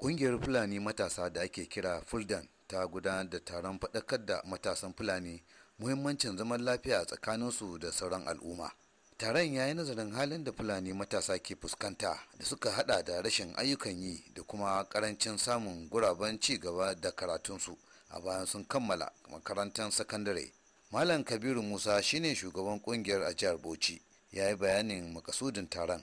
Ƙungiyar Fulani matasa da ake kira Fuldan ta gudanar da taron faɗakar da matasan Fulani muhimmancin zaman lafiya tsakaninsu da sauran al'umma. Taron ya yi nazarin halin da Fulani matasa ke fuskanta da suka hada da rashin ayyukan yi da kuma karancin samun guraben ci gaba da karatunsu a bayan sun kammala makarantar sakandare. Malam Kabiru Musa shine shugaban kungiyar a jihar Bauchi ya yi bayanin makasudin taron.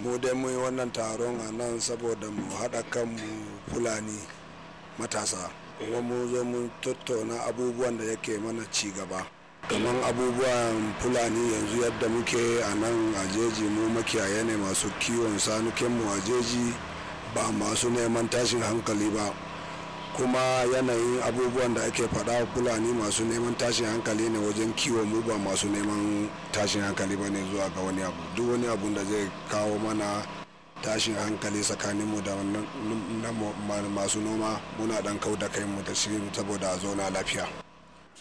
mu dai mun yi wannan taron a nan saboda mu haɗa kanmu fulani matasa kuma mu zo mun tattauna abubuwan da yake mana ci gaba kamar abubuwan fulani yanzu yadda muke a nan a jeji mu makiyaye ne masu kiwon sanukenmu a jeji ba masu neman tashin hankali ba kuma yanayin abubuwan da ake faɗa fulani masu neman tashin hankali ne wajen kiwo mu ba masu neman tashin hankali ba ne zuwa ga wani abu duk wani abu da zai kawo mana tashin hankali tsakaninmu da masu noma muna dan kau da kai mu da shi saboda a na lafiya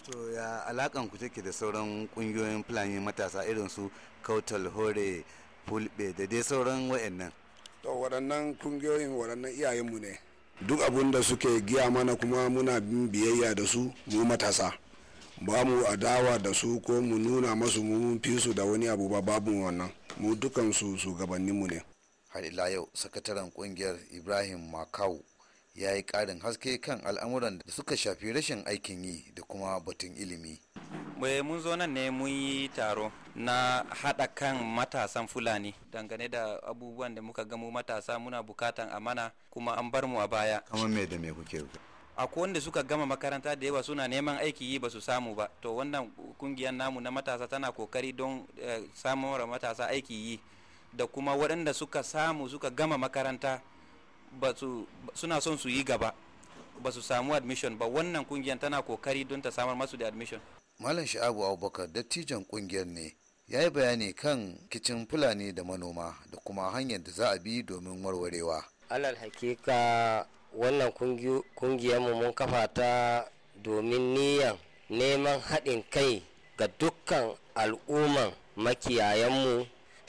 to ya alakan ku take da sauran kungiyoyin fulani matasa irin su kautal hore fulbe da dai sauran wayannan to waɗannan kungiyoyin waɗannan iyayenmu ne duk abin da suke giya mana kuma muna bin biyayya da su mu matasa ba mu adawa da su ko mu nuna masu mun fi da wani abu ba babu wannan mu dukan su shugabanninmu ne har ila yau sakataren kungiyar ibrahim makau ya yi ƙarin haske kan al'amuran da suka shafi rashin aikin yi da kuma batun ilimi mun zo nan ne mun yi taro na haɗa kan matasan fulani dangane da abubuwan da muka gamu matasa muna bukatan amana kuma an bar mu a baya kamar me da me kuke akwai wanda suka gama makaranta da yawa suna neman aiki yi ba su samu ba to wannan kungiyar namu na matasa tana kokari don eh, matasa aiki yi da kuma waɗanda suka samu suka gama makaranta suna son su yi gaba ba su samu admission ba wannan kungiyar tana kokari don ta samar masu da admission malam sha'abu abubakar dattijan kungiyar ne ya yi bayani kan kicin fulani da manoma da kuma hanyar da za a bi domin warwarewa alal hakika wannan mu mun kafa ta domin niyan neman haɗin kai ga dukkan al'umman makiyayanmu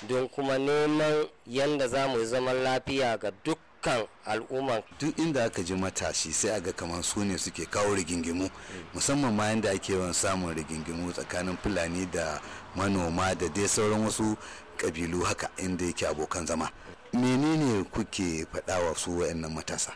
don kuma neman yadda za mu yi zaman lafiya ga duk dukkan al'umma duk inda aka ji matashi sai aga kamar su ne suke kawo rigingimu musamman ma yadda ake yawan samun rigingimu tsakanin fulani da manoma da dai sauran wasu kabilu haka inda yake abokan zama menene kuke faɗawa su wayannan matasa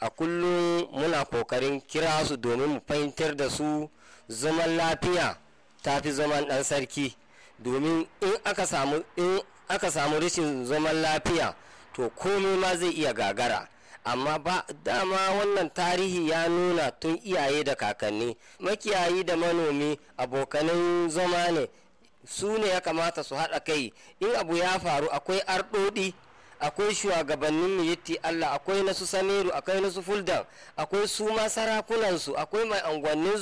a kullum muna kokarin kira su domin mu fahimtar da su zaman lafiya ta fi zaman ɗan sarki domin in aka samu in aka samu rashin zaman lafiya to komai ma zai iya gagara amma ba dama wannan tarihi ya nuna tun iyaye da kakanni makiyayi da manomi abokanin zama ne su ne ya kamata su haɗa kai in abu ya faru akwai arɗoɗi akwai shugabannin miyitti Allah akwai nasu samiru akwai nasu fuldan akwai su ma sarakunansu akwai mai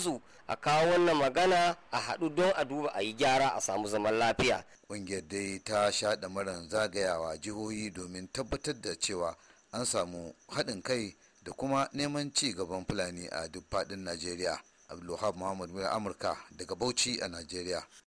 su a kawo wannan magana a haɗu don a duba a yi gyara a samu zaman lafiya. Ƙungiyar dai ta sha ɗamaran zagayawa jihohi domin tabbatar da cewa an samu haɗin kai da kuma neman ci gaban Fulani a duk faɗin Najeriya. Abdulwahab Muhammad Mura Amurka daga Bauchi a Najeriya.